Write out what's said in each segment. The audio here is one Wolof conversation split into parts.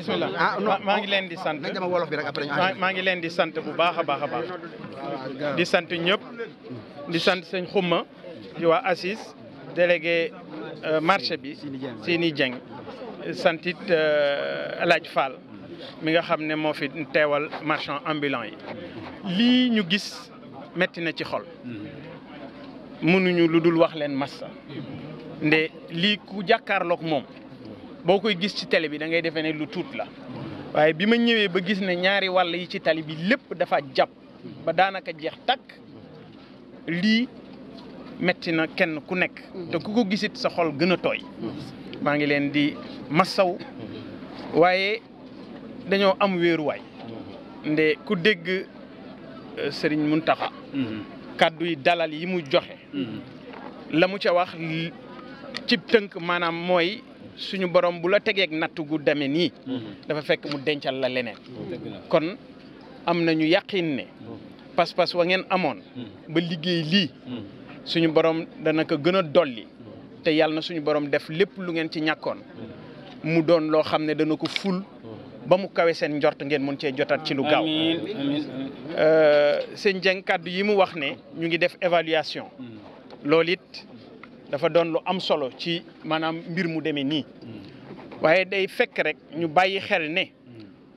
bisimilah ah, maa oh, ngi leen di sant maa ngi leen di sant bu baax a baax a baax di sant ñëpp di sant sëñ xumma di waa assis délégué euh, marché bi Sini Dieng santit euh, Alaaj Fall mi nga xam ne moo fi teewal marchand ambulant yi lii ñu gis metti na ci xol mënuñu lu dul wax leen massa nde lii ku jàkkaarloog moom boo koy gis ci télé bi dangay ngay defee lu tuut la waaye bi ma ñëwee ba gis ne ñaari wàll yi ci tali bi lépp dafa jàpp ba daanaka jeex takk lii metti na kenn ku nekk te ku ko gisit sa xol gën a tooy maa ngi leen di massaw waaye dañoo am wéeruwaay nde ku dégg euh, Sëriñ Muntaxa kàddu yi dalal yi mu joxe mm-hmm. la mu ca wax ci tënk maanaam mooy suñu borom bu la tegeeg natt gu demee nii. Mhm. dafa fekk mu dencal la leneen. kon am na nañu yàqin ne. Mhm. pas-pas wa ngeen amoon. Mhm. ba liggéey lii. suñu borom dana ko gën a dolli. te yàlla na suñu borom def lépp lu ngeen ci ñàkkoon. mu doon loo xam ne dana ko ful. ba mu kawe seen njort ngeen mën cee jotaat ci lu gaaw. amiin amiin euh, sëñ yi mu wax ne ñu ngi def évaluation. loolu dafa doon lu am solo ci maanaam mbir mu demee nii waaye day fekk rek ñu bàyyi xel ne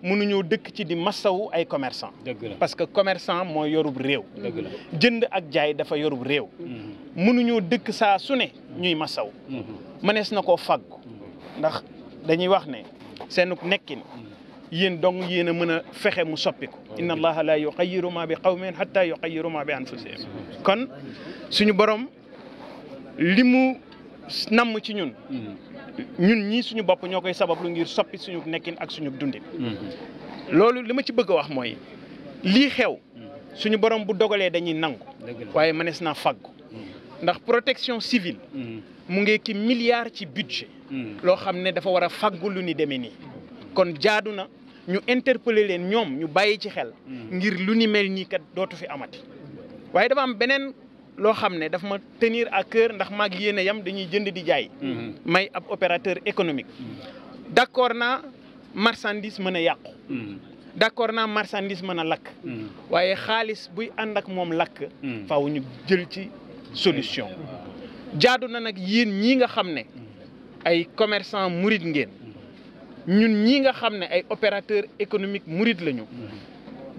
mënuñoo dëkk ci di massawu ay commerçant parce que commerçant mooy yorub réew jënd ak jaay dafa yorub réew mënuñoo dëkk saa su ne ñuy masaw mënees na koo fàggu ndax dañuy wax ne seenu nekkin yéen donc yéen a mën a fexe mu soppiku inna allaha la yuqayyiru ma bi qawmin hatta yuqayyiru ma bi anfusihim kon suñu borom li mu namm ci ñun mhm. ñun ñii suñu bopp ñoo koy sabablu ngir soppi suñu nekkin ak suñu dundin mhm. loolu li ma ci bëgg wax mooy lii xew mhm. suñu borom bu dogalee dañuy nangu waaye mënees naa fàggu ndax protection civile mu ngi ki milliard ci budget loo xam ne dafa war a fàggu lu ni demee nii kon jaadu na ñu interpeller leen ñoom ñu bàyyi ci xel ngir lu ni mel nii kat dootu fi amati waaye dafa am beneen loo xam ne daf ma tenir à cœur ndax maag yéen a yam dañuy jënd di jaay. Mhm. may ab opérateur économique. Mhm. d' accord naa marchandise mën a yàqu. Mhm. d' accord naa marchandise mën a lakk. waaye xaalis buy ànd ak moom lakk. faaw ñu jël ci solution. jaadu na nag yéen ñii nga xam ne ay commerçant murit ngeen ñun ñi nga xam ne ay opérateur économique murit lañu.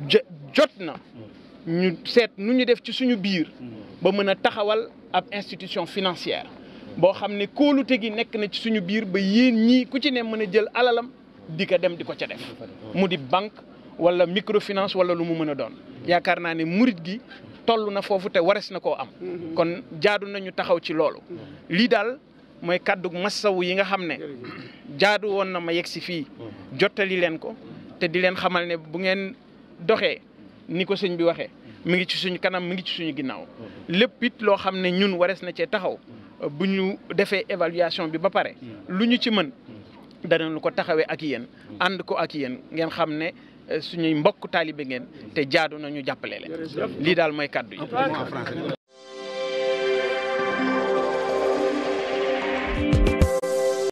jot na ñu seet nu ñu def ci suñu biir. ba mën a taxawal ab institution financière boo xam ne kóolute gi nekk na ci suñu biir ba yéen ñii ku ci ne mën a jël alalam di ko dem di ko ca def mu di banque wala microfinance wala lu mu mën a doon yaakaar naa ne murit gi toll na foofu te wares na koo am kon jaadu nañu taxaw ci loolu lii daal mooy kàddu massawu yi nga xam ne jaadu woon na ma yegg si fii jottali leen ko te di leen xamal ne bu ngeen doxee ni ko sëñ bi waxee mi ngi ci suñu kanam mi ngi ci suñu ginnaaw lépp it loo xam ne ñun warees na cee taxaw bu ñu defee évaluation bi ba pare lu ñu ci mën lu ko taxawee ak yéen ànd ko ak yéen ngeen xam ne eh, suñuy mbokk taalibe ngeen te jaadu nañu jàppale le lii daal mooy kàddu yi